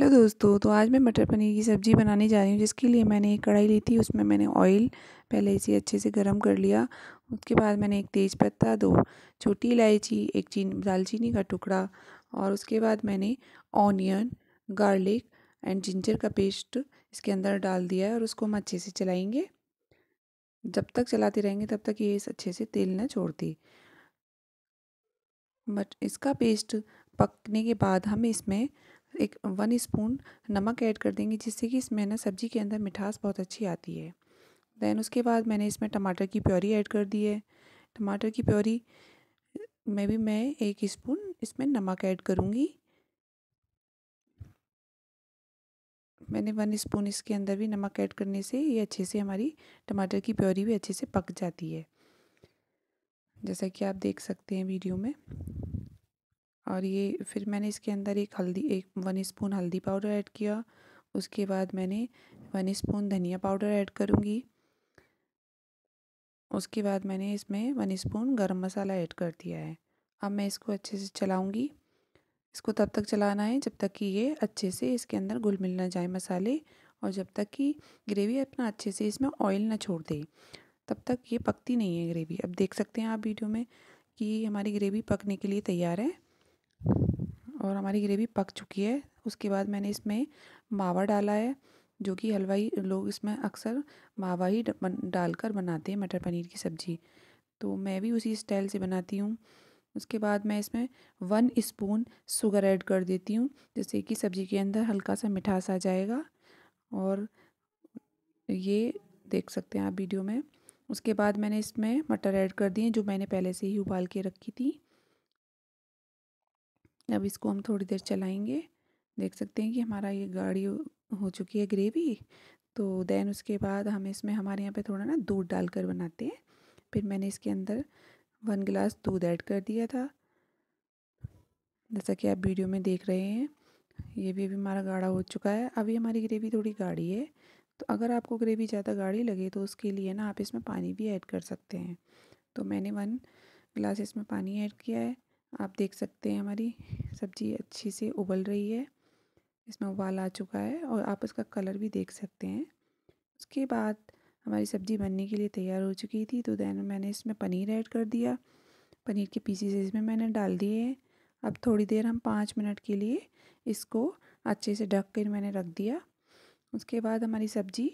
hello दोस्तों तो आज मैं मटर पनीर की सब्ज़ी बनाने जा रही हूँ जिसके लिए मैंने एक कढ़ाई ली थी उसमें मैंने ऑयल पहले इसे अच्छे से गर्म कर लिया उसके बाद मैंने एक तेज़पत्ता दो छोटी इलायची एक चीन दालचीनी का टुकड़ा और उसके बाद मैंने ऑनियन गार्लिक एंड जिंजर का पेस्ट इसके अंदर डाल दिया है और उसको हम अच्छे से चलाएँगे जब तक चलाते रहेंगे तब तक ये अच्छे से तेल न छोड़ती बट इसका पेस्ट पकने के बाद हम इसमें एक वन स्पून नमक ऐड कर देंगे जिससे कि इसमें ना सब्ज़ी के अंदर मिठास बहुत अच्छी आती है दैन उसके बाद मैंने इसमें टमाटर की प्योरी ऐड कर दी है टमाटर की प्योरी में भी मैं एक स्पून इसमें नमक ऐड करूँगी मैंने वन स्पून इसके अंदर भी नमक ऐड करने से ये अच्छे से हमारी टमाटर की प्योरी भी अच्छे से पक जाती है जैसा कि आप देख सकते हैं वीडियो में और ये फिर मैंने इसके अंदर एक हल्दी एक वन स्पून हल्दी पाउडर ऐड किया उसके बाद मैंने वन स्पून धनिया पाउडर ऐड करूँगी उसके बाद मैंने इसमें वन स्पून गरम मसाला ऐड कर दिया है अब मैं इसको अच्छे से चलाऊँगी इसको तब तक चलाना है जब तक कि ये अच्छे से इसके अंदर घुल मिल ना जाए मसाले और जब तक कि ग्रेवी अपना अच्छे से इसमें ऑयल ना छोड़ दे तब तक ये पकती नहीं है ग्रेवी अब देख सकते हैं आप वीडियो में कि हमारी ग्रेवी पकने के लिए तैयार है और हमारी ग्रेवी पक चुकी है उसके बाद मैंने इसमें मावा डाला है जो कि हलवाई लोग इसमें अक्सर मावा ही डालकर बनाते हैं मटर पनीर की सब्ज़ी तो मैं भी उसी स्टाइल से बनाती हूँ उसके बाद मैं इसमें वन स्पून शुगर ऐड कर देती हूँ जिससे कि सब्ज़ी के अंदर हल्का सा मिठास आ जाएगा और ये देख सकते हैं आप वीडियो में उसके बाद मैंने इसमें मटर ऐड कर दिए जो मैंने पहले से ही उबाल के रखी थी अब इसको हम थोड़ी देर चलाएंगे देख सकते हैं कि हमारा ये गाढ़ी हो चुकी है ग्रेवी तो देन उसके बाद हम इसमें हमारे यहाँ पे थोड़ा ना दूध डालकर बनाते हैं फिर मैंने इसके अंदर वन गिलास दूध ऐड कर दिया था जैसा कि आप वीडियो में देख रहे हैं ये भी अभी हमारा गाढ़ा हो चुका है अभी हमारी ग्रेवी थोड़ी गाढ़ी है तो अगर आपको ग्रेवी ज़्यादा गाढ़ी लगे तो उसके लिए ना आप इसमें पानी भी ऐड कर सकते हैं तो मैंने वन गिलास इसमें पानी ऐड किया है आप देख सकते हैं हमारी सब्जी अच्छी से उबल रही है इसमें उबाल आ चुका है और आप इसका कलर भी देख सकते हैं उसके बाद हमारी सब्ज़ी बनने के लिए तैयार हो चुकी थी तो देन मैंने इसमें पनीर ऐड कर दिया पनीर के पीसीस इसमें मैंने डाल दिए हैं अब थोड़ी देर हम पाँच मिनट के लिए इसको अच्छे से ढक कर मैंने रख दिया उसके बाद हमारी सब्ज़ी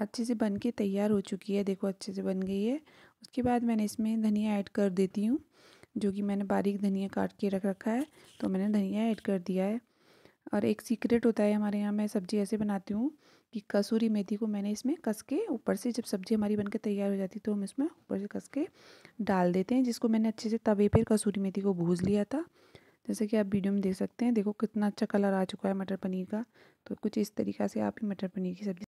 अच्छे से बन के तैयार हो चुकी है देखो अच्छे से बन गई है उसके बाद मैंने इसमें धनिया ऐड कर देती हूँ जो कि मैंने बारीक धनिया काट के रख रखा है तो मैंने धनिया ऐड कर दिया है और एक सीक्रेट होता है हमारे यहाँ मैं सब्ज़ी ऐसे बनाती हूँ कि कसूरी मेथी को मैंने इसमें कस के ऊपर से जब सब्ज़ी हमारी बनकर तैयार हो जाती है तो हम इसमें ऊपर से कस के डाल देते हैं जिसको मैंने अच्छे से तवे पर कसूरी मेथी को भूज लिया था जैसे कि आप वीडियो में देख सकते हैं देखो कितना अच्छा कलर आ चुका है मटर पनीर का तो कुछ इस तरीक़ा से आप ही मटर पनीर की सब्ज़ी